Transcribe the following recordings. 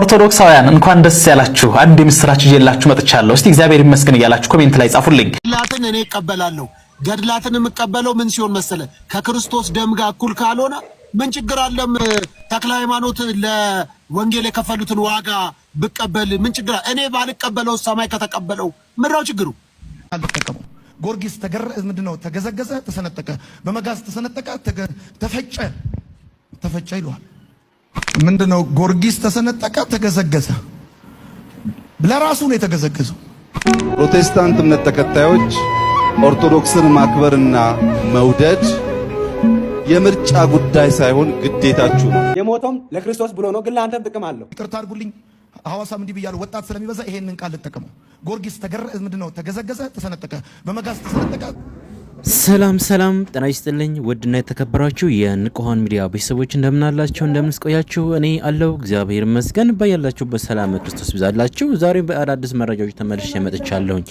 ኦርቶዶክሳውያን እንኳን ደስ ያላችሁ። አንድ የምስራች ይዤላችሁ መጥቻለሁ። እስቲ እግዚአብሔር ይመስገን እያላችሁ ኮሜንት ላይ ጻፉልኝ። ገድላትን እኔ እቀበላለሁ። ገድላትን የምቀበለው ምን ሲሆን መሰለ ከክርስቶስ ደም ጋር እኩል ካልሆነ ምን ችግር አለም? ተክለ ሃይማኖት ለወንጌል የከፈሉትን ዋጋ ብቀበል ምን ችግር አለ? እኔ ባልቀበለው ሰማይ ከተቀበለው ምድራው ችግሩ አልተጠቀመው። ጎርጊስ ተገረ ምንድን ተገዘገዘ፣ ተሰነጠቀ፣ በመጋዝ ተሰነጠቀ፣ ተፈጨ፣ ተፈጨ ይለዋል ምንድነው? ጎርጊስ ተሰነጠቀ፣ ተገዘገዘ። ለራሱ ነው የተገዘገዘው። ፕሮቴስታንት እምነት ተከታዮች ኦርቶዶክስን ማክበርና መውደድ የምርጫ ጉዳይ ሳይሆን ግዴታችሁ ነው። የሞተውም ለክርስቶስ ብሎ ነው፣ ግን ለአንተ ጥቅም አለው። ይቅርታ አድርጉልኝ፣ ሐዋሳም እንዲህ ብያለሁ። ወጣት ስለሚበዛ ይሄንን ቃል ልጠቀመው። ጎርጊስ ምንድነው? ተገዘገዘ፣ ተሰነጠቀ፣ በመጋዝ ተሰነጠቀ። ሰላም ሰላም፣ ጤና ይስጥልኝ ውድና የተከበራችሁ የንቁሃን ሚዲያ ቤተሰቦች እንደምናላችሁ እንደምንስቆያችሁ፣ እኔ አለው እግዚአብሔር ይመስገን። በያላችሁበት ሰላም ክርስቶስ ብዛላችሁ። ዛሬም በአዳዲስ መረጃዎች ተመልሼ መጥቻለሁኝ።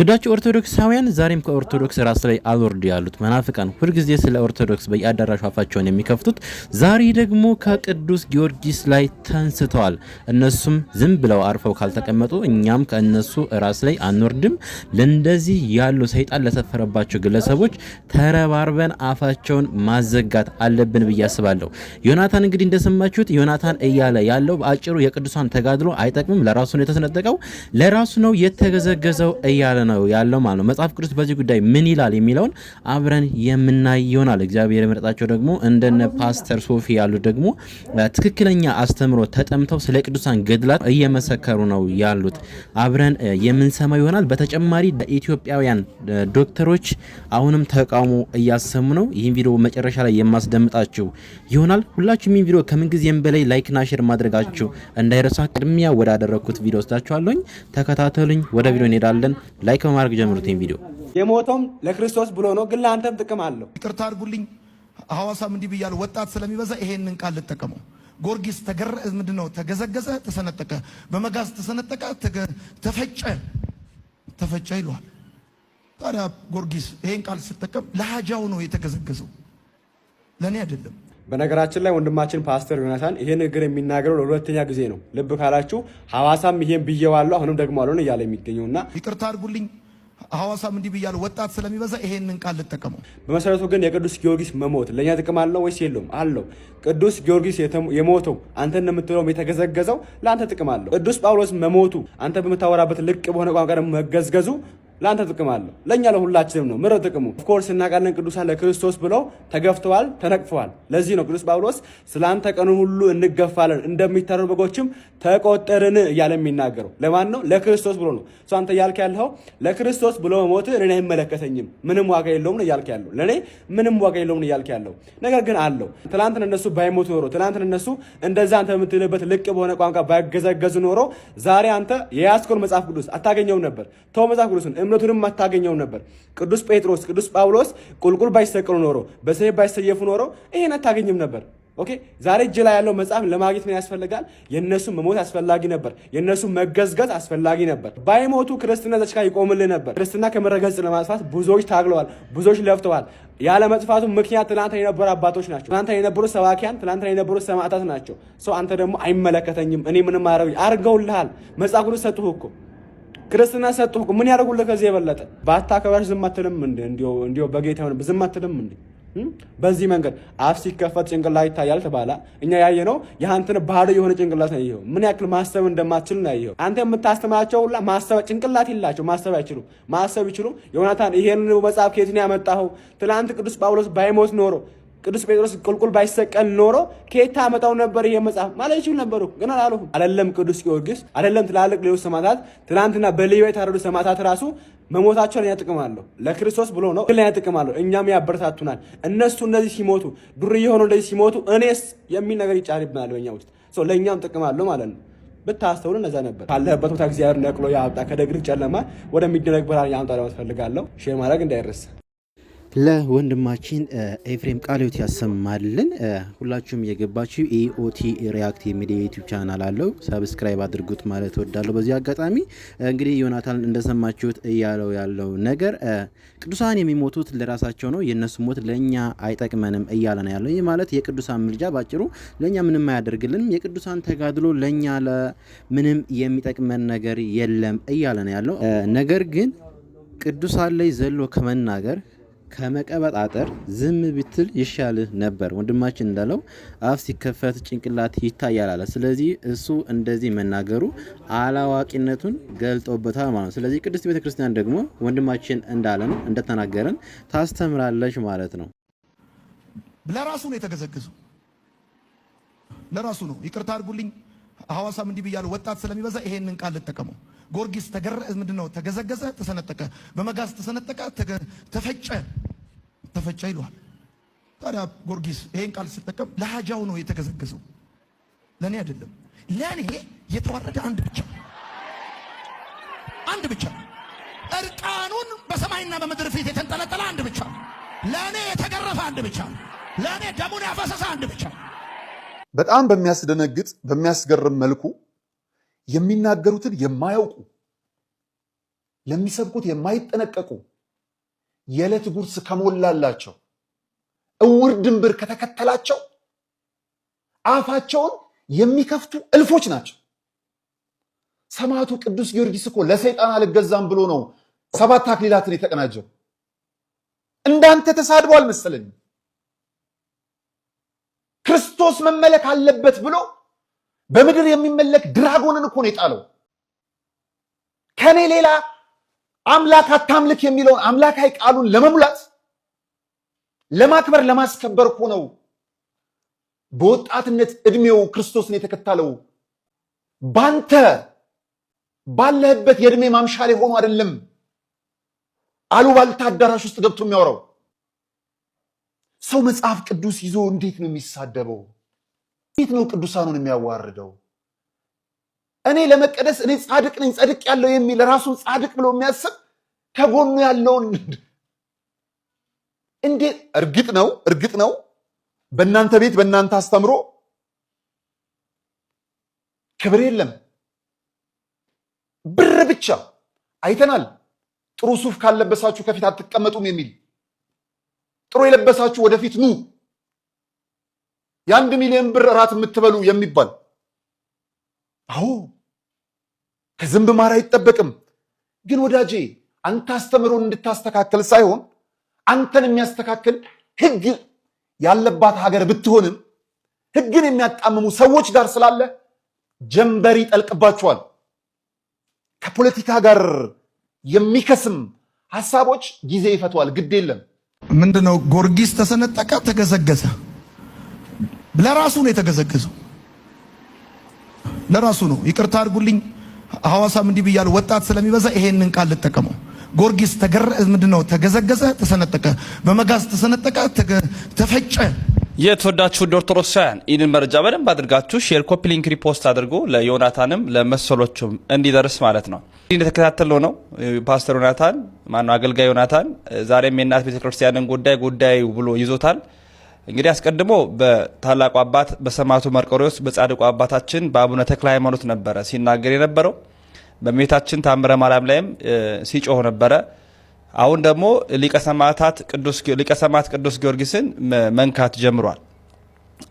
ትዳችሁ ኦርቶዶክሳውያን ዛሬም ከኦርቶዶክስ ራስ ላይ አልወርድ ያሉት መናፍቃን ሁልጊዜ ስለ ኦርቶዶክስ በየአዳራሹ አፋቸውን የሚከፍቱት ዛሬ ደግሞ ከቅዱስ ጊዮርጊስ ላይ ተንስተዋል። እነሱም ዝም ብለው አርፈው ካልተቀመጡ እኛም ከእነሱ ራስ ላይ አንወርድም። ለእንደዚህ ያሉ ሰይጣን ለሰፈረባቸው ግለሰቡ ሰዎች ተረባርበን አፋቸውን ማዘጋት አለብን ብዬ አስባለሁ። ዮናታን እንግዲህ እንደሰማችሁት ዮናታን እያለ ያለው በአጭሩ የቅዱሳን ተጋድሎ አይጠቅምም፣ ለራሱ ነው የተሰነጠቀው፣ ለራሱ ነው የተገዘገዘው እያለ ነው ያለው ማለት ነው። መጽሐፍ ቅዱስ በዚህ ጉዳይ ምን ይላል የሚለውን አብረን የምናይ ይሆናል። እግዚአብሔር የመረጣቸው ደግሞ እንደነ ፓስተር ሶፊ ያሉት ደግሞ ትክክለኛ አስተምሮ ተጠምተው ስለ ቅዱሳን ገድላት እየመሰከሩ ነው ያሉት። አብረን የምንሰማ ይሆናል። በተጨማሪ ኢትዮጵያውያን ዶክተሮች አሁን አሁንም ተቃውሞ እያሰሙ ነው። ይህን ቪዲዮ መጨረሻ ላይ የማስደምጣችሁ ይሆናል። ሁላችሁም ይህን ቪዲዮ ከምንጊዜም በላይ ላይክና ሼር ማድረጋችሁ እንዳይረሳ። ቅድሚያ ወዳደረግኩት ቪዲዮ ወስዳችኋለሁኝ። ተከታተሉኝ። ወደ ቪዲዮ እንሄዳለን። ላይክ በማድረግ ጀምሩት። ይህን ቪዲዮ የሞቶም ለክርስቶስ ብሎ ነው፣ ግን ለአንተም ጥቅም አለው። ይቅርታ አድርጉልኝ። ሐዋሳም እንዲህ ብያለሁ። ወጣት ስለሚበዛ ይሄንን ቃል ልጠቀመው ጎርጊስ ተገረ ምንድነው? ተገዘገዘ፣ ተሰነጠቀ፣ በመጋዝ ተሰነጠቀ፣ ተፈጨ፣ ተፈጨ ይለዋል ታዲያ ጊዮርጊስ ይህን ቃል ስጠቀም ለሀጃው ነው የተገዘገዘው፣ ለእኔ አይደለም። በነገራችን ላይ ወንድማችን ፓስተር ዮናታን ይሄ ንግግር የሚናገረው ለሁለተኛ ጊዜ ነው። ልብ ካላችሁ ሐዋሳም ይሄን ብዬዋለሁ አሁንም ደግሞ አልሆነ እያለ የሚገኘው እና ይቅርታ አድርጉልኝ ሐዋሳም እንዲህ ብያለሁ ወጣት ስለሚበዛ ይሄንን ቃል ልጠቀመው። በመሰረቱ ግን የቅዱስ ጊዮርጊስ መሞት ለእኛ ጥቅም አለው ወይስ የለውም? አለው። ቅዱስ ጊዮርጊስ የሞተው አንተ እንደምትለውም የተገዘገዘው ለአንተ ጥቅም አለው። ቅዱስ ጳውሎስ መሞቱ አንተ በምታወራበት ልቅ በሆነ ቋንቋ ደግሞ መገዝገዙ ለአንተ ጥቅም አለው፣ ለእኛ ለሁላችንም ነው። ምረ ጥቅሙ ኦፍኮርስ እናውቃለን። ቅዱሳን ለክርስቶስ ብለው ተገፍተዋል፣ ተነቅፈዋል። ለዚህ ነው ቅዱስ ጳውሎስ ስለ አንተ ቀኑን ሁሉ እንገፋለን፣ እንደሚታረዱ በጎችም ተቆጠርን እያለ የሚናገረው ለማን ነው? ለክርስቶስ ብሎ ነው። አንተ እያልክ ያለው ለክርስቶስ ብሎ መሞት እኔን አይመለከተኝም፣ ምንም ዋጋ የለውም እያልክ ያለው ለእኔ ምንም ዋጋ የለውም እያልክ ያለው ነገር ግን አለው። ትላንትን እነሱ ባይሞቱ ኖሮ፣ ትላንትን እነሱ እንደዛ አንተ የምትልበት ልቅ በሆነ ቋንቋ ባይገዘገዙ ኖሮ ዛሬ አንተ የያዝከውን መጽሐፍ ቅዱስ አታገኘውም ነበር። ተው መጽሐፍ ቅዱስን እምነቱንም አታገኘውም ነበር። ቅዱስ ጴጥሮስ፣ ቅዱስ ጳውሎስ ቁልቁል ባይሰቅሉ ኖሮ በሰይፍ ባይሰየፉ ኖሮ ይሄን አታገኝም ነበር። ኦኬ ዛሬ እጅ ላይ ያለው መጽሐፍ ለማግኘት ምን ያስፈልጋል? የእነሱ መሞት አስፈላጊ ነበር። የእነሱ መገዝገዝ አስፈላጊ ነበር። ባይሞቱ ክርስትና ዘች ጋር ይቆምልህ ነበር። ክርስትና ከመረገጽ ለማጥፋት ብዙዎች ታግለዋል፣ ብዙዎች ለፍተዋል። ያለ መጥፋቱ ምክንያት ትናንት የነበሩ አባቶች ናቸው። ትናንት የነበሩ ሰባኪያን፣ ትናንት የነበሩ ሰማዕታት ናቸው። ሰው አንተ ደግሞ አይመለከተኝም እኔ ምንም አረግ አርገውልሃል። መጽሐፍ ቅዱስ ሰጥሁ እኮ ክርስትና ሰጡህ እኮ ምን ያደርጉልህ? ከዚህ የበለጠ በአታከባሽ ዝም አትልም እንዴ? እንዲያው በጌታ ይሁን ዝም አትልም እንዴ? በዚህ መንገድ አፍ ሲከፈት ጭንቅላት ይታያል ተባላ። እኛ ያየነው ያንተን ባዶ የሆነ ጭንቅላት ነው። ይሄው ምን ያክል ማሰብ እንደማትችል ነው። ይሄው አንተ የምታስተምራቸው ሁላ ማሰብ ጭንቅላት የላቸው። ማሰብ አይችሉም። ማሰብ ይችሉ ዮናታን፣ ይሄን መጽሐፍ ከየት ነው ያመጣኸው? ትላንት ቅዱስ ጳውሎስ ባይሞት ኖሮ ቅዱስ ጴጥሮስ ቁልቁል ባይሰቀል ኖሮ ከየት አመጣው ነበር ይሄ መጽሐፍ ማለት ይችል ነበሩ፣ ግን አላሉ። አይደለም ቅዱስ ጊዮርጊስ አይደለም ትላልቅ ሌሎች ሰማዕታት፣ ትናንትና በልዩ የታረዱ ሰማዕታት ራሱ መሞታቸውን እኛ ጥቅማለሁ ለክርስቶስ ብሎ ነው ግን ጥቅማለሁ። እኛም ያበረታቱናል። እነሱ እንደዚህ ሲሞቱ ዱር የሆኑ እንደዚህ ሲሞቱ እኔስ የሚል ነገር ይጫርብናል በእኛ ውስጥ ለእኛም ጥቅማለሁ ማለት ነው። ብታስተውሉ እነዛ ነበር ካለህበት ቦታ እግዚአብሔር ነቅሎ ያወጣ ከደግህ ጨለማ ወደሚደረግ ብርሃን ያምጣ ለማስፈልጋለሁ ሼር ማድረግ እንዳይረሳ። ለወንድማችን ኤፍሬም ቃሊዮት ያሰማልን። ሁላችሁም የገባችው ኢኦቲ ሪያክት የሚዲያ ዩቲዩብ ቻናል አለው ሰብስክራይብ አድርጉት ማለት ወዳለሁ። በዚህ አጋጣሚ እንግዲህ ዮናታን እንደሰማችሁት እያለው ያለው ነገር ቅዱሳን የሚሞቱት ለራሳቸው ነው፣ የእነሱ ሞት ለእኛ አይጠቅመንም እያለ ነው ያለው። ይህ ማለት የቅዱሳን ምልጃ ባጭሩ ለእኛ ምንም አያደርግልንም፣ የቅዱሳን ተጋድሎ ለእኛ ለምንም የሚጠቅመን ነገር የለም እያለ ነው ያለው። ነገር ግን ቅዱሳን ላይ ዘሎ ከመናገር ከመቀበጣጠር ዝም ብትል ይሻል ነበር። ወንድማችን እንዳለው አፍ ሲከፈት ጭንቅላት ይታያል አለ። ስለዚህ እሱ እንደዚህ መናገሩ አላዋቂነቱን ገልጦበታል ማለት ነው። ስለዚህ ቅድስት ቤተክርስቲያን ደግሞ ወንድማችን እንዳለን እንደተናገረን ታስተምራለች ማለት ነው። ለራሱ ነው የተገዘገዘው፣ ለራሱ ነው። ይቅርታ አድርጉልኝ፣ ሐዋሳም እንዲህ ብያለሁ፣ ወጣት ስለሚበዛ ይሄንን ቃል ልጠቀመው። ተገረ ምንድነው? ተገዘገዘ፣ ተሰነጠቀ፣ በመጋዝ ተሰነጠቀ፣ ተፈጨ ተፈጫ ይለዋል። ታዲያ ጎርጊስ ይሄን ቃል ስጠቀም ለሀጃው ነው የተገዘገዘው፣ ለእኔ አይደለም። ለእኔ የተዋረደ አንድ ብቻ አንድ ብቻ እርቃኑን በሰማይና በምድር ፊት የተንጠለጠለ አንድ ብቻ ለእኔ የተገረፈ አንድ ብቻ ለእኔ ደሙን ያፈሰሰ አንድ ብቻ። በጣም በሚያስደነግጥ በሚያስገርም መልኩ የሚናገሩትን የማያውቁ ለሚሰብኩት የማይጠነቀቁ የዕለት ጉርስ ከሞላላቸው እውር ድንብር ከተከተላቸው አፋቸውን የሚከፍቱ እልፎች ናቸው። ሰማዕቱ ቅዱስ ጊዮርጊስ እኮ ለሰይጣን አልገዛም ብሎ ነው ሰባት አክሊላትን የተቀናጀው። እንዳንተ ተሳድቦ አልመሰለኝ። ክርስቶስ መመለክ አለበት ብሎ በምድር የሚመለክ ድራጎንን እኮ ነው የጣለው ከኔ ሌላ አምላክ አታምልክ የሚለውን አምላካዊ ቃሉን ለመሙላት ለማክበር ለማስከበር እኮ ነው። በወጣትነት እድሜው ክርስቶስን የተከተለው ባንተ ባለህበት የእድሜ ማምሻ ላይ ሆኖ አይደለም። አሉባልታ አዳራሽ ውስጥ ገብቶ የሚያወራው ሰው መጽሐፍ ቅዱስ ይዞ እንዴት ነው የሚሳደበው? እንዴት ነው ቅዱሳኑን የሚያዋርደው? እኔ ለመቀደስ እኔ ጻድቅ ነኝ ጸድቅ ያለው የሚል ራሱን ጻድቅ ብሎ የሚያስብ ከጎኑ ያለውን እንዴት እርግጥ ነው እርግጥ ነው በእናንተ ቤት በእናንተ አስተምሮ ክብር የለም። ብር ብቻ አይተናል። ጥሩ ሱፍ ካልለበሳችሁ ከፊት አትቀመጡም የሚል ጥሩ የለበሳችሁ ወደፊት ኑ፣ የአንድ ሚሊዮን ብር እራት የምትበሉ የሚባል አዎ ከዝንብ ማር አይጠበቅም። ግን ወዳጄ አንተ አስተምሮን እንድታስተካከል ሳይሆን አንተን የሚያስተካክል ህግ ያለባት ሀገር ብትሆንም ህግን የሚያጣምሙ ሰዎች ጋር ስላለ ጀንበር ይጠልቅባቸዋል። ከፖለቲካ ጋር የሚከስም ሀሳቦች ጊዜ ይፈቷል። ግድ የለም ምንድነው ጎርጊስ ተሰነጠቀ፣ ተገዘገዘ። ለራሱ ነው የተገዘገዘው፣ ለራሱ ነው። ይቅርታ አድርጉልኝ። ሐዋሳም እንዲህ ብያለሁ። ወጣት ስለሚበዛ ይሄንን ቃል ልጠቀመው። ጎርጊስ ተገረ ምንድን ነው? ተገዘገዘ፣ ተሰነጠቀ፣ በመጋዝ ተሰነጠቀ፣ ተፈጨ። የተወዳችሁ ኦርቶዶክሳውያን ይህንን መረጃ በደንብ አድርጋችሁ ሼር፣ ኮፒ ሊንክ፣ ሪፖስት አድርጎ ለዮናታንም ለመሰሎቹም እንዲደርስ ማለት ነው። እንደተከታተለው ነው ፓስተር ዮናታን ማነው አገልጋይ ዮናታን ዛሬም የእናት ቤተክርስቲያንን ጉዳይ ጉዳይ ብሎ ይዞታል። እንግዲህ አስቀድሞ በታላቁ አባት በሰማዕቱ መርቆሪዎስ በጻድቁ አባታችን በአቡነ ተክለ ሃይማኖት ነበረ ሲናገር የነበረው። በእመቤታችን ታምረ ማርያም ላይም ሲጮህ ነበረ። አሁን ደግሞ ሊቀ ሰማዕታት ቅዱስ ጊዮርጊስን መንካት ጀምሯል።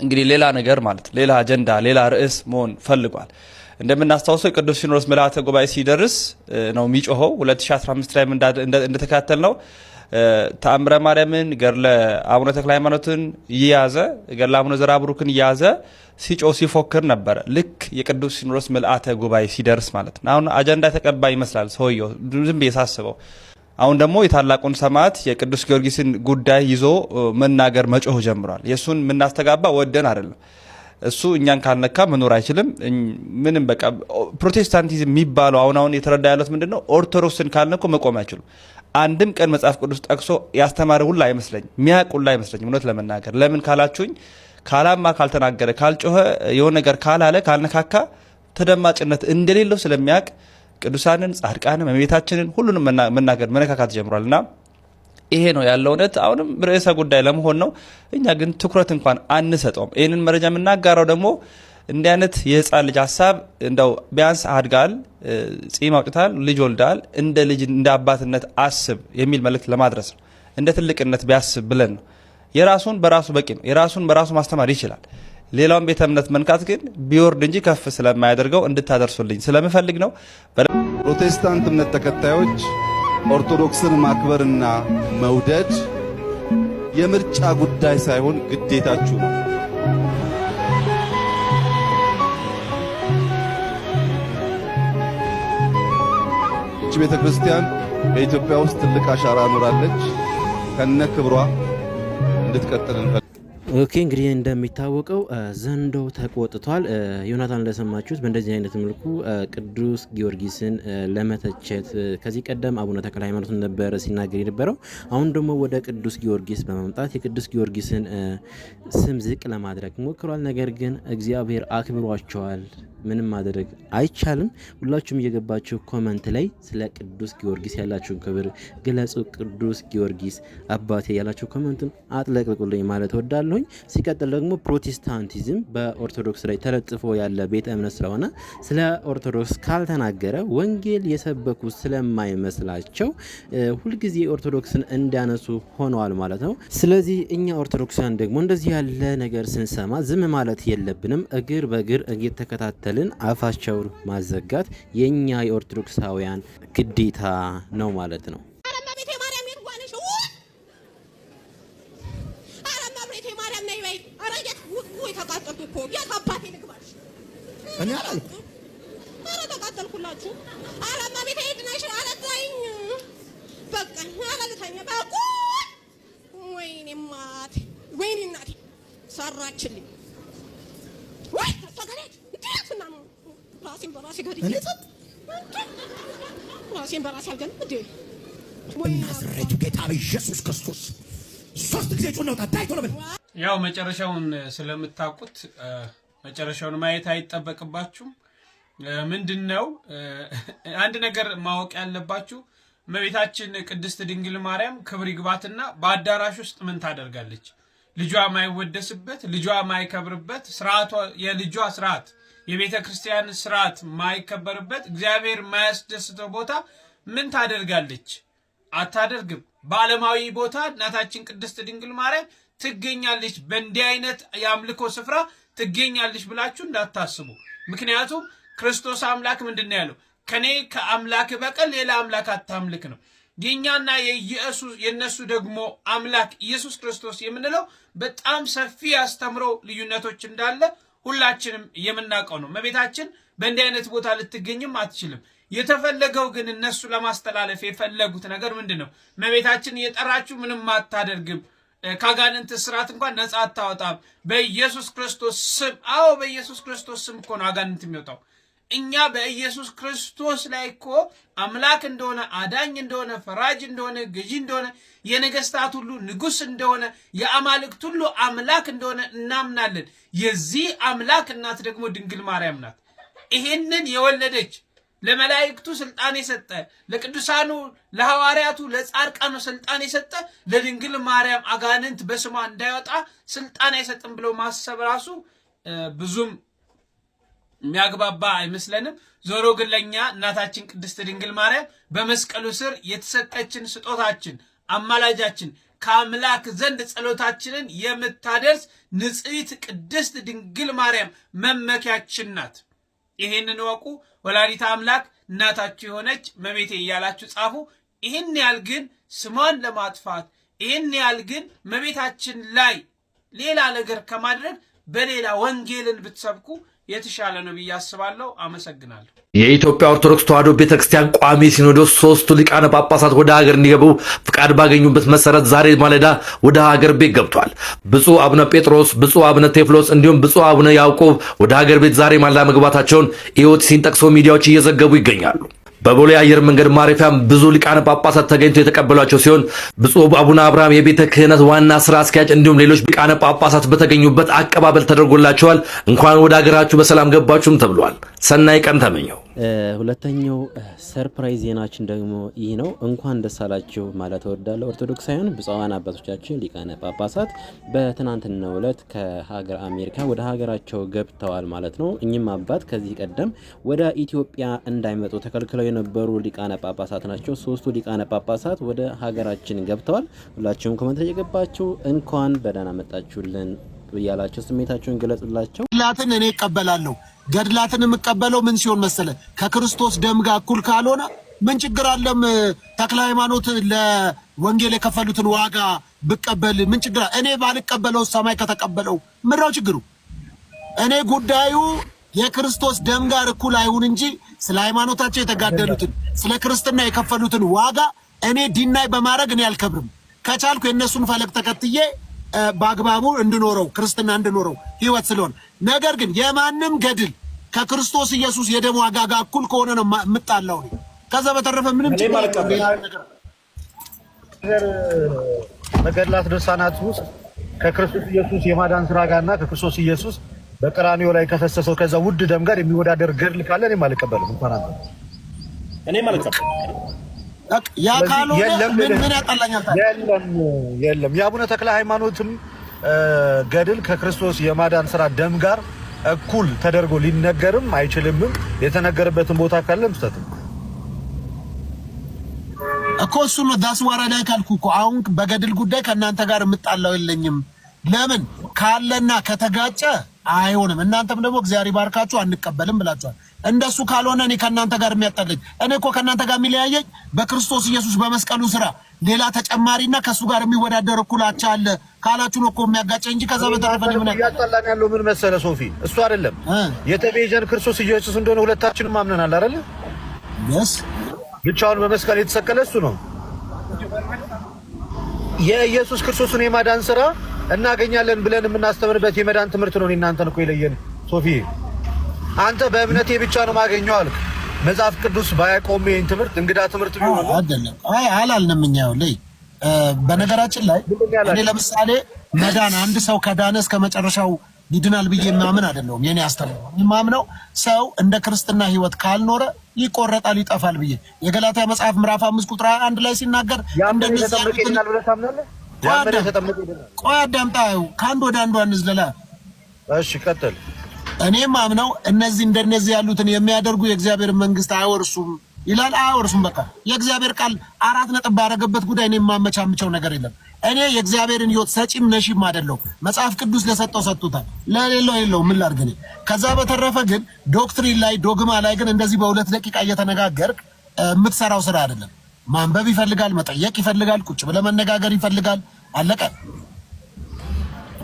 እንግዲህ ሌላ ነገር ማለት ሌላ አጀንዳ፣ ሌላ ርዕስ መሆን ፈልጓል። እንደምናስታውሰው ቅዱስ ሲኖዶስ መልተ ጉባኤ ሲደርስ ነው የሚጮኸው። 2015 ላይ እንደተከታተል ነው ተአምረ ማርያምን ገድለ አቡነ ተክለ ሃይማኖትን እየያዘ ገድለ አቡነ ዘራብሩክን እየያዘ ሲጮ ሲፎክር ነበረ። ልክ የቅዱስ ሲኖዶስ ምልአተ ጉባኤ ሲደርስ ማለት ነው። አሁን አጀንዳ ተቀባይ ይመስላል ሰውየው ዝም ብዬ ሳስበው። አሁን ደግሞ የታላቁን ሰማዕት የቅዱስ ጊዮርጊስን ጉዳይ ይዞ መናገር መጮህ ጀምሯል። የእሱን የምናስተጋባ ወደን አይደለም። እሱ እኛን ካልነካ መኖር አይችልም። ምንም በቃ ፕሮቴስታንቲዝም የሚባለው አሁን አሁን የተረዳ ያለት ምንድን ነው? ኦርቶዶክስን ካልነኩ መቆም አይችሉም። አንድም ቀን መጽሐፍ ቅዱስ ጠቅሶ ያስተማረ ሁላ አይመስለኝ የሚያውቅ ሁላ አይመስለኝም። እውነት ለመናገር ለምን ካላችሁኝ ካላማ፣ ካልተናገረ፣ ካልጮኸ፣ የሆነ ነገር ካላለ፣ ካልነካካ ተደማጭነት እንደሌለው ስለሚያውቅ ቅዱሳንን፣ ጻድቃንን፣ እመቤታችንን ሁሉንም መናገር መነካካት ጀምሯል እና ይሄ ነው ያለው እውነት። አሁንም ርዕሰ ጉዳይ ለመሆን ነው። እኛ ግን ትኩረት እንኳን አንሰጠውም። ይህንን መረጃ የምናጋራው ደግሞ እንዲህ አይነት የህፃን ልጅ ሀሳብ እንደው ቢያንስ አድጋል፣ ጺም አውጥታል፣ ልጅ ወልዳል፣ እንደ ልጅ እንደ አባትነት አስብ የሚል መልእክት ለማድረስ ነው። እንደ ትልቅነት ቢያስብ ብለን ነው። የራሱን በራሱ በቂ ነው። የራሱን በራሱ ማስተማር ይችላል። ሌላውን ቤተ እምነት መንካት ግን ቢወርድ እንጂ ከፍ ስለማያደርገው እንድታደርሱልኝ ስለምፈልግ ነው። ፕሮቴስታንት እምነት ተከታዮች ኦርቶዶክስን ማክበርና መውደድ የምርጫ ጉዳይ ሳይሆን ግዴታችሁ ነው። ቤተ ክርስቲያን በኢትዮጵያ ውስጥ ትልቅ አሻራ አኑራለች። ከነ ክብሯ እንድትቀጥል ኦኬ እንግዲህ እንደሚታወቀው ዘንዶ ተቆጥቷል። ዮናታን እንደሰማችሁት በእንደዚህ አይነት መልኩ ቅዱስ ጊዮርጊስን ለመተቸት ከዚህ ቀደም አቡነ ተክለ ሃይማኖትን ነበረ ሲናገር የነበረው። አሁን ደግሞ ወደ ቅዱስ ጊዮርጊስ በመምጣት የቅዱስ ጊዮርጊስን ስም ዝቅ ለማድረግ ሞክሯል። ነገር ግን እግዚአብሔር አክብሯቸዋል። ምንም ማድረግ አይቻልም። ሁላችሁም እየገባችሁ ኮመንት ላይ ስለ ቅዱስ ጊዮርጊስ ያላችሁን ክብር ግለጹ። ቅዱስ ጊዮርጊስ አባቴ ያላችሁ ኮመንቱን አጥለቅልቁልኝ ማለት ወዳለሁኝ። ሲቀጥል ደግሞ ፕሮቴስታንቲዝም በኦርቶዶክስ ላይ ተለጥፎ ያለ ቤተ እምነት ስለሆነ ስለ ኦርቶዶክስ ካልተናገረ ወንጌል የሰበኩ ስለማይመስላቸው ሁልጊዜ ኦርቶዶክስን እንዲያነሱ ሆነዋል ማለት ነው። ስለዚህ እኛ ኦርቶዶክሳን ደግሞ እንደዚህ ያለ ነገር ስንሰማ ዝም ማለት የለብንም። እግር በእግር እየተከታተልን አፋቸውን ማዘጋት የእኛ የኦርቶዶክሳውያን ግዴታ ነው ማለት ነው። እኮ የት አባቴ ልግባሽ? እኔ አላልኩም። ኧረ ተቃጠልኩላችሁ። ኧረ እማቤቴ ሄድናሽ አለዛኝ በቃኝ። አለልታኝ በቁ ወይኔ ማቴ ወይኔ እናቴ ሰራችልኝ። ወይ ተገለጥ እንዴት እና ራሴን በራሴ ገድዬ እኔ ጸጥ ራሴን በራሴ አልገንም እንዴ እናስረጁ ጌታ በኢየሱስ ክርስቶስ ሶስት ጊዜ ጩኸት አውጣ ዳይቶ ነው ያው መጨረሻውን ስለምታውቁት መጨረሻውን ማየት አይጠበቅባችሁም። ምንድን ነው አንድ ነገር ማወቅ ያለባችሁ እመቤታችን ቅድስት ድንግል ማርያም ክብር ይግባትና በአዳራሽ ውስጥ ምን ታደርጋለች? ልጇ ማይወደስበት፣ ልጇ ማይከብርበት፣ ስርዓቷ የልጇ ስርዓት የቤተ ክርስቲያን ስርዓት ማይከበርበት፣ እግዚአብሔር ማያስደስተው ቦታ ምን ታደርጋለች? አታደርግም። በዓለማዊ ቦታ እናታችን ቅድስት ድንግል ማርያም ትገኛለች፣ በእንዲህ አይነት የአምልኮ ስፍራ ትገኛለች ብላችሁ እንዳታስቡ። ምክንያቱም ክርስቶስ አምላክ ምንድን ነው ያለው? ከኔ ከአምላክ በቀር ሌላ አምላክ አታምልክ ነው። የእኛና የእነሱ ደግሞ አምላክ ኢየሱስ ክርስቶስ የምንለው በጣም ሰፊ አስተምሮ ልዩነቶች እንዳለ ሁላችንም የምናውቀው ነው። እመቤታችን በእንዲህ አይነት ቦታ ልትገኝም አትችልም። የተፈለገው ግን እነሱ ለማስተላለፍ የፈለጉት ነገር ምንድን ነው? እመቤታችን እየጠራችሁ ምንም አታደርግም ካጋንንት ስርዓት እንኳን ነፃ አታወጣም። በኢየሱስ ክርስቶስ ስም። አዎ በኢየሱስ ክርስቶስ ስም እኮ ነው አጋንንት የሚወጣው። እኛ በኢየሱስ ክርስቶስ ላይ እኮ አምላክ እንደሆነ አዳኝ እንደሆነ ፈራጅ እንደሆነ ገዢ እንደሆነ የነገስታት ሁሉ ንጉስ እንደሆነ የአማልክት ሁሉ አምላክ እንደሆነ እናምናለን። የዚህ አምላክ እናት ደግሞ ድንግል ማርያም ናት። ይሄንን የወለደች ለመላእክቱ ስልጣን የሰጠ ለቅዱሳኑ፣ ለሐዋርያቱ፣ ለጻድቃኑ ስልጣን የሰጠ ለድንግል ማርያም አጋንንት በስሟ እንዳይወጣ ስልጣን አይሰጥም ብለው ማሰብ ራሱ ብዙም የሚያግባባ አይመስለንም። ዞሮ ግን ለእኛ እናታችን ቅድስት ድንግል ማርያም በመስቀሉ ስር የተሰጠችን ስጦታችን፣ አማላጃችን ከአምላክ ዘንድ ጸሎታችንን የምታደርስ ንጽሕት ቅድስት ድንግል ማርያም መመኪያችን ናት። ይሄንን ወቁ። ወላዲታ አምላክ እናታችሁ የሆነች መቤቴ እያላችሁ ጻፉ። ይህን ያህል ግን ስሟን ለማጥፋት ይህን ያህል ግን መቤታችን ላይ ሌላ ነገር ከማድረግ በሌላ ወንጌልን ብትሰብኩ የተሻለ ነው ብዬ አስባለሁ። አመሰግናለሁ። የኢትዮጵያ ኦርቶዶክስ ተዋሕዶ ቤተ ክርስቲያን ቋሚ ሲኖዶስ ሶስቱ ሊቃነ ጳጳሳት ወደ ሀገር እንዲገቡ ፍቃድ ባገኙበት መሰረት ዛሬ ማለዳ ወደ ሀገር ቤት ገብቷል። ብፁዕ አቡነ ጴጥሮስ፣ ብፁዕ አቡነ ቴፍሎስ እንዲሁም ብፁዕ አቡነ ያዕቆብ ወደ ሀገር ቤት ዛሬ ማለዳ መግባታቸውን ኢዮት ሲንጠቅሶ ሚዲያዎች እየዘገቡ ይገኛሉ። በቦሌ አየር መንገድ ማረፊያም ብዙ ሊቃነ ጳጳሳት ተገኝተው የተቀበሏቸው ሲሆን ብፁዕ አቡነ አብርሃም የቤተ ክህነት ዋና ስራ አስኪያጅ እንዲሁም ሌሎች ሊቃነ ጳጳሳት በተገኙበት አቀባበል ተደርጎላቸዋል። እንኳን ወደ ሀገራችሁ በሰላም ገባችሁም ተብሏል። ሰናይ ቀን ተመኘው። ሁለተኛው ሰርፕራይዝ ዜናችን ደግሞ ይህ ነው። እንኳን ደስ አላችሁ ማለት እወዳለሁ። ኦርቶዶክሳውያን ብፁዓን አባቶቻችን ሊቃነ ጳጳሳት በትናንትናው ዕለት ከሀገር አሜሪካ ወደ ሀገራቸው ገብተዋል ማለት ነው። እኚህም አባት ከዚህ ቀደም ወደ ኢትዮጵያ እንዳይመጡ ተከልክለው የነበሩ ሊቃነ ጳጳሳት ናቸው። ሶስቱ ሊቃነ ጳጳሳት ወደ ሀገራችን ገብተዋል። ሁላችሁም ኮመንት የገባችሁ እንኳን በደህና መጣችሁልን እያላቸው ስሜታቸውን ገለጽላቸው። ገድላትን እኔ እቀበላለሁ። ገድላትን የምቀበለው ምን ሲሆን መሰለ ከክርስቶስ ደም ጋር እኩል ካልሆነ ምን ችግር አለም? ተክለ ሃይማኖት ለወንጌል የከፈሉትን ዋጋ ብቀበል ምን ችግር እኔ ባልቀበለው ሰማይ ከተቀበለው ምራው ችግሩ እኔ ጉዳዩ የክርስቶስ ደም ጋር እኩል አይሁን እንጂ ስለ ሃይማኖታቸው የተጋደሉትን ስለ ክርስትና የከፈሉትን ዋጋ እኔ ዲናይ በማድረግ እኔ አልከብርም። ከቻልኩ የእነሱን ፈለግ ተከትዬ በአግባቡ እንድኖረው ክርስትና እንድኖረው ህይወት ስለሆነ ነገር ግን የማንም ገድል ከክርስቶስ ኢየሱስ የደም ዋጋ ጋር እኩል ከሆነ ነው የምጣላው። ከዛ በተረፈ ምንም መገድላት ድርሳናት ውስጥ ከክርስቶስ ኢየሱስ የማዳን ስራ ጋር ጋርና ከክርስቶስ ኢየሱስ በቀራኒዮ ላይ ከፈሰሰው ከዛ ውድ ደም ጋር የሚወዳደር ገድል ካለ እኔም አልቀበልም። እንኳን እኔም አልቀበልም። የለም የአቡነ ተክለ ሃይማኖትም ገድል ከክርስቶስ የማዳን ስራ ደም ጋር እኩል ተደርጎ ሊነገርም አይችልምም። የተነገረበትን ቦታ ካለም ስተት እኮ እሱ ነው ዳስዋራ ላይ ካልኩ እኮ አሁን በገድል ጉዳይ ከእናንተ ጋር የምጣላው የለኝም። ለምን ካለና ከተጋጨ አይሆንም። እናንተም ደግሞ እግዚአብሔር ባርካችሁ አንቀበልም ብላችኋል። እንደሱ ካልሆነ እኔ ከእናንተ ጋር የሚያጣለኝ እኔ እኮ ከእናንተ ጋር የሚለያየኝ በክርስቶስ ኢየሱስ በመስቀሉ ስራ ሌላ ተጨማሪና ከእሱ ጋር የሚወዳደር እኩላቻ አለ ካላችሁን እኮ የሚያጋጨ እንጂ ከዛ በተረፈ ያለው ምን መሰለ ሶፊ፣ እሱ አይደለም የተቤዠን ክርስቶስ ኢየሱስ እንደሆነ ሁለታችንም አምነናል ስ ብቻውን በመስቀል የተሰቀለ እሱ ነው። የኢየሱስ ክርስቶስን የማዳን ስራ እናገኛለን ብለን የምናስተምርበት የመዳን ትምህርት ነው። እናንተን እኮ የለየን ሶፊ አንተ በእምነቴ ብቻ ነው ማገኘው አልክ። መጽሐፍ ቅዱስ ባያቆም ይህን ትምህርት እንግዳ ትምህርት ቢሆን አይደለም። አይ አላልንም። እኛ ላይ በነገራችን ላይ እኔ ለምሳሌ መዳን አንድ ሰው ከዳነ እስከ መጨረሻው ይድናል ብዬ የማምን አይደለሁም። የኔ አስተምሮ የማምነው ሰው እንደ ክርስትና ሕይወት ካልኖረ ይቆረጣል፣ ይጠፋል ብዬ የገላትያ መጽሐፍ ምዕራፍ አምስት ቁጥር አንድ ላይ ሲናገር ቆይ አዳምጣ ከአንድ ወደ አንዱ አንዝለላ እሺ፣ ቀጥል እኔም ማምነው እነዚህ እንደነዚህ ያሉትን የሚያደርጉ የእግዚአብሔር መንግስት አይወርሱም ይላል። አያወርሱም። በቃ የእግዚአብሔር ቃል አራት ነጥብ ባደረገበት ጉዳይ እኔ የማመቻምቸው ነገር የለም። እኔ የእግዚአብሔርን ህይወት ሰጪም ነሺም አይደለሁ። መጽሐፍ ቅዱስ ለሰጠው ሰጥቶታል፣ ለሌለው የለው። ምን ላድርግ እኔ። ከዛ በተረፈ ግን ዶክትሪን ላይ ዶግማ ላይ ግን እንደዚህ በሁለት ደቂቃ እየተነጋገርክ የምትሰራው ስራ አይደለም። ማንበብ ይፈልጋል፣ መጠየቅ ይፈልጋል፣ ቁጭ ብለህ መነጋገር ይፈልጋል። አለቀ።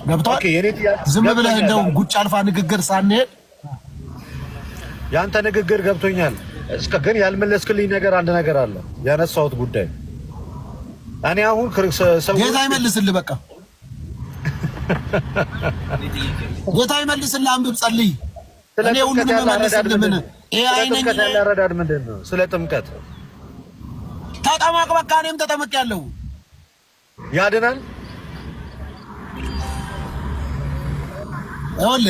ገብቷል። ዝም ብለህ እንደው ጉጭ አልፋ ንግግር ሳንሄድ የአንተ ንግግር ገብቶኛል። እስከ ግን ያልመለስክልኝ ነገር አንድ ነገር አለ ያነሳሁት ጉዳይ እኔ አሁን ጌታ ይመልስልህ። በቃ ጌታ ይመልስልህ። አንብብ፣ ጸልይ። እኔ ሁሉንም መመልስልህ። ምን ያረዳድ ምንድን ነው? ስለ ጥምቀት ተጠመቅ። በቃ እኔም ተጠመቅ ያለው ያድናል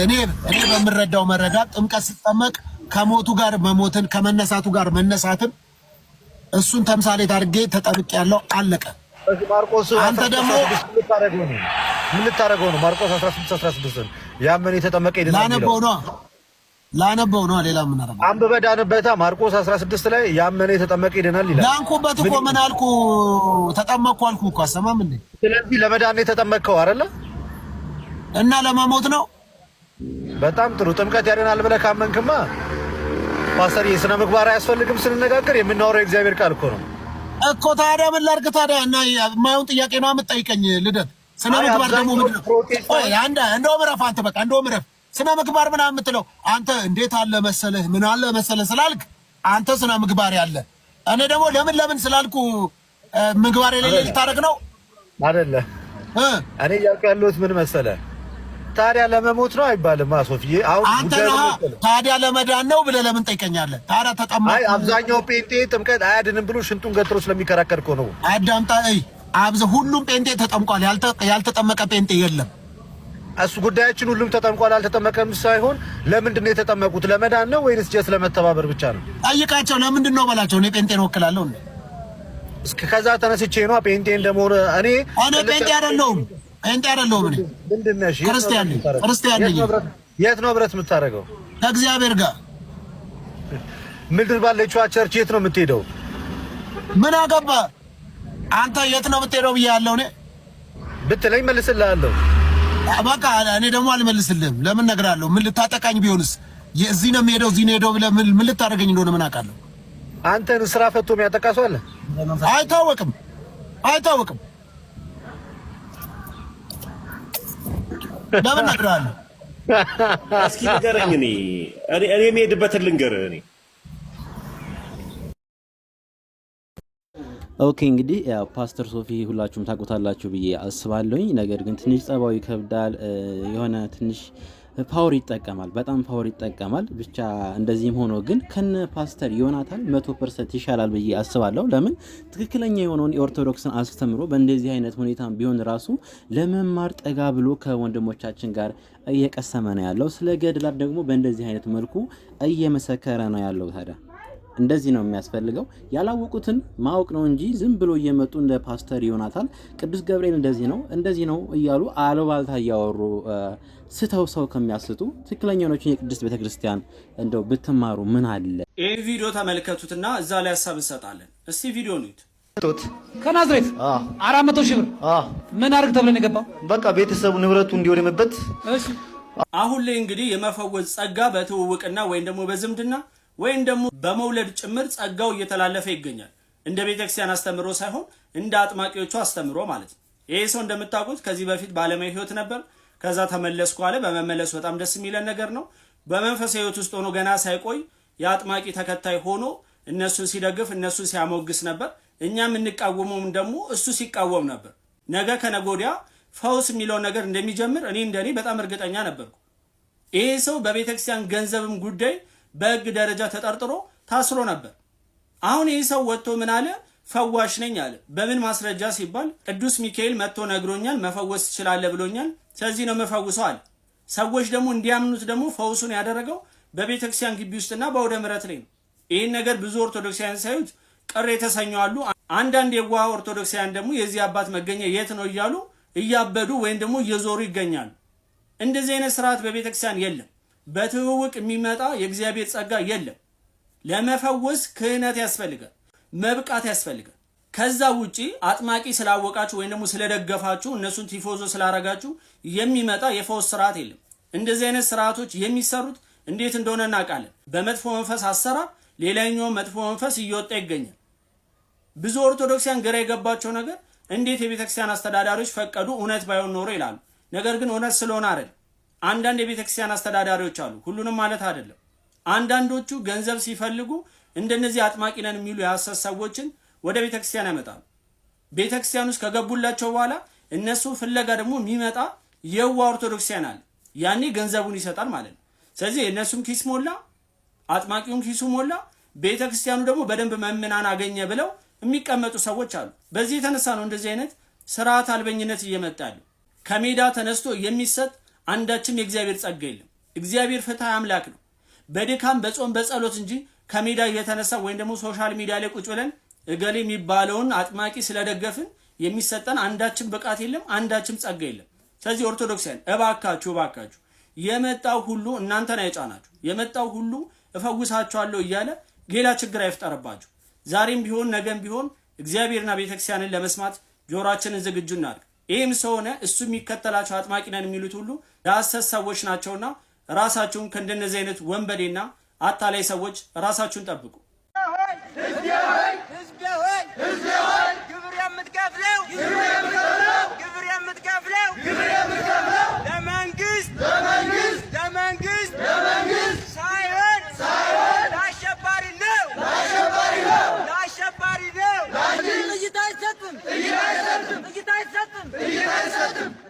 እኔ እኔ በምረዳው መረዳት ጥምቀት ስጠመቅ ከሞቱ ጋር መሞትን ከመነሳቱ ጋር መነሳትን እሱን ተምሳሌ አድርጌ ተጠምቅ ያለው አለቀ። አንተ ደግሞ ምን ልታደርገው ነው? ማርቆስ 16 16 ያመነ የተጠመቀ ይደላል። ላነበው ነው ላነበው ነው። ሌላ ምን አረባ አንብበህ ዳንበታ። ማርቆስ 16 ላይ ያመነ የተጠመቀ ይደናል ይላል። ዳንኩበት እኮ ምን አልኩ? ተጠመቅኩ አልኩ እኮ አሰማም እንዴ። ስለዚህ ለመዳን ነው አይደለ? እና ለመሞት ነው በጣም ጥሩ ጥምቀት ያድናል ብለህ ካመንክማ ፓስተር የስነ ምግባር አያስፈልግም። ስንነጋገር የምናወራው የእግዚአብሔር ቃል እኮ ነው እኮ። ታዲያ ምን ላድርግ ታዲያ? እና የማየውን ጥያቄ ነው የምትጠይቀኝ? ልደት ስነ ምግባር ደግሞ እንደውም እረፍ አንተ በቃ እንደውም እረፍ። ስነ ምግባር ምናምን የምትለው አንተ እንዴት አለ መሰለህ ምን አለ መሰለህ ስላልክ አንተ ስነ ምግባር ያለ እኔ ደግሞ ለምን ለምን ስላልኩ ምግባር የሌለ ልታደርግ ነው አይደለ? እኔ እያልኩ ያለሁት ምን መሰለህ ታዲያ ለመሞት ነው አይባልም። ሶፍዬ አሁን ታዲያ ለመዳን ነው ብለህ ለምን ጠይቀኛለህ? ታዲያ ተጠማ አብዛኛው ጴንጤ ጥምቀት አያድንም ብሎ ሽንጡን ገትሮ ስለሚከራከር እኮ ነው። አዳምጣ አብዘ ሁሉም ጴንጤ ተጠምቋል። ያልተጠመቀ ጴንጤ የለም። እሱ ጉዳያችን። ሁሉም ተጠምቋል አልተጠመቀም ሳይሆን ለምንድን ነው የተጠመቁት? ለመዳን ነው ወይንስ ጀስ ለመተባበር ብቻ ነው? ጠይቃቸው። ለምንድን ነው በላቸው። እኔ ጴንጤን ወክላለሁ። እስከ ከዛ ተነስቼ ነው ጴንጤ እንደመሆነ እኔ ጴንጤ አይደለሁም ጴንጤ አይደለሁም እኔ ክርስቲያን ነኝ። ክርስቲያን ነኝ። የት ነው ህብረት የምታደርገው? ከእግዚአብሔር ጋር ምድር ባለችዋ ቸርች የት ነው የምትሄደው? ምን አገባ አንተ የት ነው የምትሄደው ብያለሁ። እኔ ብትለኝ መልስልሃለሁ። በቃ እኔ ደግሞ አልመልስልህም። ለምን እነግርሃለሁ። ምን ልታጠቃኝ ቢሆንስ? እዚህ ነው የምሄደው እዚህ ነው የሄደው ብለህ ምን ልታደርገኝ እንደሆነ ምን አውቃለሁ። አንተን ስራ ፈቶ የሚያጠቃ አለ? አይታወቅም፣ አይታወቅም ለምን እነግርሃለሁ? እስኪ ንገረኝ። እኔ እኔ የምሄድበትን ልንገርህ። እኔ ኦኬ እንግዲህ ያው ፓስተር ሶፊ ሁላችሁም ታውቁታላችሁ ብዬ አስባለሁኝ። ነገር ግን ትንሽ ጸባዊ ይከብዳል የሆነ ትንሽ ፓወር ይጠቀማል፣ በጣም ፓወር ይጠቀማል። ብቻ እንደዚህም ሆኖ ግን ከነ ፓስተር ዮናታን መቶ ፐርሰንት ይሻላል ብዬ አስባለሁ። ለምን ትክክለኛ የሆነውን የኦርቶዶክስን አስተምሮ በእንደዚህ አይነት ሁኔታ ቢሆን ራሱ ለመማር ጠጋ ብሎ ከወንድሞቻችን ጋር እየቀሰመ ነው ያለው። ስለ ገድላት ደግሞ በእንደዚህ አይነት መልኩ እየመሰከረ ነው ያለው ታዲያ እንደዚህ ነው የሚያስፈልገው። ያላወቁትን ማወቅ ነው እንጂ ዝም ብሎ እየመጡ እንደ ፓስተር ዮናታን ቅዱስ ገብርኤል እንደዚህ ነው እንደዚህ ነው እያሉ አለባልታ እያወሩ ስተው ሰው ከሚያስቱ ትክክለኛኖችን የቅድስት ቤተክርስቲያን እንደው ብትማሩ ምን አለ። ይህ ቪዲዮ ተመልከቱትና እዛ ላይ ሀሳብ እንሰጣለን። እስቲ ቪዲዮ ኑት። ከናዝሬት አራት መቶ ሺህ ብር ምን አርግ ተብለን የገባው በቃ ቤተሰቡ ንብረቱ እንዲወድምበት። አሁን ላይ እንግዲህ የመፈወዝ ጸጋ በትውውቅና ወይም ደግሞ በዝምድና ወይም ደግሞ በመውለድ ጭምር ጸጋው እየተላለፈ ይገኛል። እንደ ቤተክርስቲያን አስተምሮ ሳይሆን እንደ አጥማቂዎቹ አስተምሮ ማለት ነው። ይህ ሰው እንደምታውቁት ከዚህ በፊት ባለማዊ ህይወት ነበር። ከዛ ተመለስኩ አለ። በመመለሱ በጣም ደስ የሚለን ነገር ነው። በመንፈሳዊ ሕይወት ውስጥ ሆኖ ገና ሳይቆይ የአጥማቂ ተከታይ ሆኖ እነሱን ሲደግፍ እነሱን ሲያሞግስ ነበር። እኛ የምንቃወመውም ደግሞ እሱ ሲቃወም ነበር። ነገ ከነጎዲያ ፈውስ የሚለውን ነገር እንደሚጀምር እኔ እንደኔ በጣም እርግጠኛ ነበርኩ። ይሄ ሰው በቤተክርስቲያን ገንዘብም ጉዳይ በህግ ደረጃ ተጠርጥሮ ታስሮ ነበር። አሁን ይህ ሰው ወጥቶ ምን አለ? ፈዋሽ ነኝ አለ። በምን ማስረጃ ሲባል ቅዱስ ሚካኤል መጥቶ ነግሮኛል፣ መፈወስ ትችላለህ ብሎኛል። ስለዚህ ነው መፈውሰው አለ። ሰዎች ደግሞ እንዲያምኑት ደግሞ ፈውሱን ያደረገው በቤተክርስቲያን ግቢ ውስጥና በአውደ ምረት ላይ ነው። ይህን ነገር ብዙ ኦርቶዶክሳውያን ሳዩት ቅር የተሰኙ አሉ። አንዳንድ የዋህ ኦርቶዶክሳውያን ደግሞ የዚህ አባት መገኘ የት ነው እያሉ እያበዱ ወይም ደግሞ እየዞሩ ይገኛሉ። እንደዚህ አይነት ስርዓት በቤተክርስቲያን የለም። በትውውቅ የሚመጣ የእግዚአብሔር ጸጋ የለም። ለመፈወስ ክህነት ያስፈልጋል። መብቃት ያስፈልጋል። ከዛ ውጪ አጥማቂ ስላወቃችሁ ወይም ደግሞ ስለደገፋችሁ እነሱን ቲፎዞ ስላረጋችሁ የሚመጣ የፈውስ ስርዓት የለም። እንደዚህ አይነት ስርዓቶች የሚሰሩት እንዴት እንደሆነ እናውቃለን። በመጥፎ መንፈስ አሰራር ሌላኛው መጥፎ መንፈስ እየወጣ ይገኛል። ብዙ ኦርቶዶክሲያን ግራ የገባቸው ነገር እንዴት የቤተክርስቲያን አስተዳዳሪዎች ፈቀዱ እውነት ባይሆን ኖሮ ይላሉ። ነገር ግን እውነት ስለሆነ አይደል። አንዳንድ የቤተክርስቲያን አስተዳዳሪዎች አሉ፣ ሁሉንም ማለት አይደለም። አንዳንዶቹ ገንዘብ ሲፈልጉ እንደነዚህ አጥማቂ ነን የሚሉ የሐሰት ሰዎችን ወደ ቤተክርስቲያን ያመጣሉ። ቤተክርስቲያን ውስጥ ከገቡላቸው በኋላ እነሱ ፍለጋ ደግሞ የሚመጣ የዋ ኦርቶዶክሲያን አለ። ያኔ ገንዘቡን ይሰጣል ማለት ነው። ስለዚህ እነሱም ኪስ ሞላ፣ አጥማቂውም ኪሱ ሞላ፣ ቤተክርስቲያኑ ደግሞ በደንብ መምናን አገኘ ብለው የሚቀመጡ ሰዎች አሉ። በዚህ የተነሳ ነው እንደዚህ አይነት ስርዓት አልበኝነት እየመጣ ከሜዳ ተነስቶ የሚሰጥ አንዳችም የእግዚአብሔር ጸጋ የለም። እግዚአብሔር ፍትህ አምላክ ነው። በድካም በጾም በጸሎት እንጂ ከሜዳ እየተነሳ ወይም ደግሞ ሶሻል ሚዲያ ላይ ቁጭ ብለን እገሌ የሚባለውን አጥማቂ ስለደገፍን የሚሰጠን አንዳችም ብቃት የለም፣ አንዳችም ጸጋ የለም። ስለዚህ ኦርቶዶክሳውያን እባካችሁ እባካችሁ የመጣው ሁሉ እናንተን አይጫናችሁ፣ የመጣው ሁሉ እፈውሳችኋለሁ እያለ ሌላ ችግር አይፍጠርባችሁ። ዛሬም ቢሆን ነገም ቢሆን እግዚአብሔርና ቤተክርስቲያንን ለመስማት ጆሯችንን ዝግጁ እናድርግ። ይህም ሰሆነ እሱ የሚከተላቸው አጥማቂ ነን የሚሉት ሁሉ ዳሰስ ሰዎች ናቸውና ራሳችሁን ከእንደነዚህ አይነት ወንበዴና አታላይ ሰዎች ራሳችሁን ጠብቁ። ግብር የምትከፍለው ለመንግስት ለመንግስት እይታ አይሰጥም እይታ አይሰጥም እይታ አይሰጥም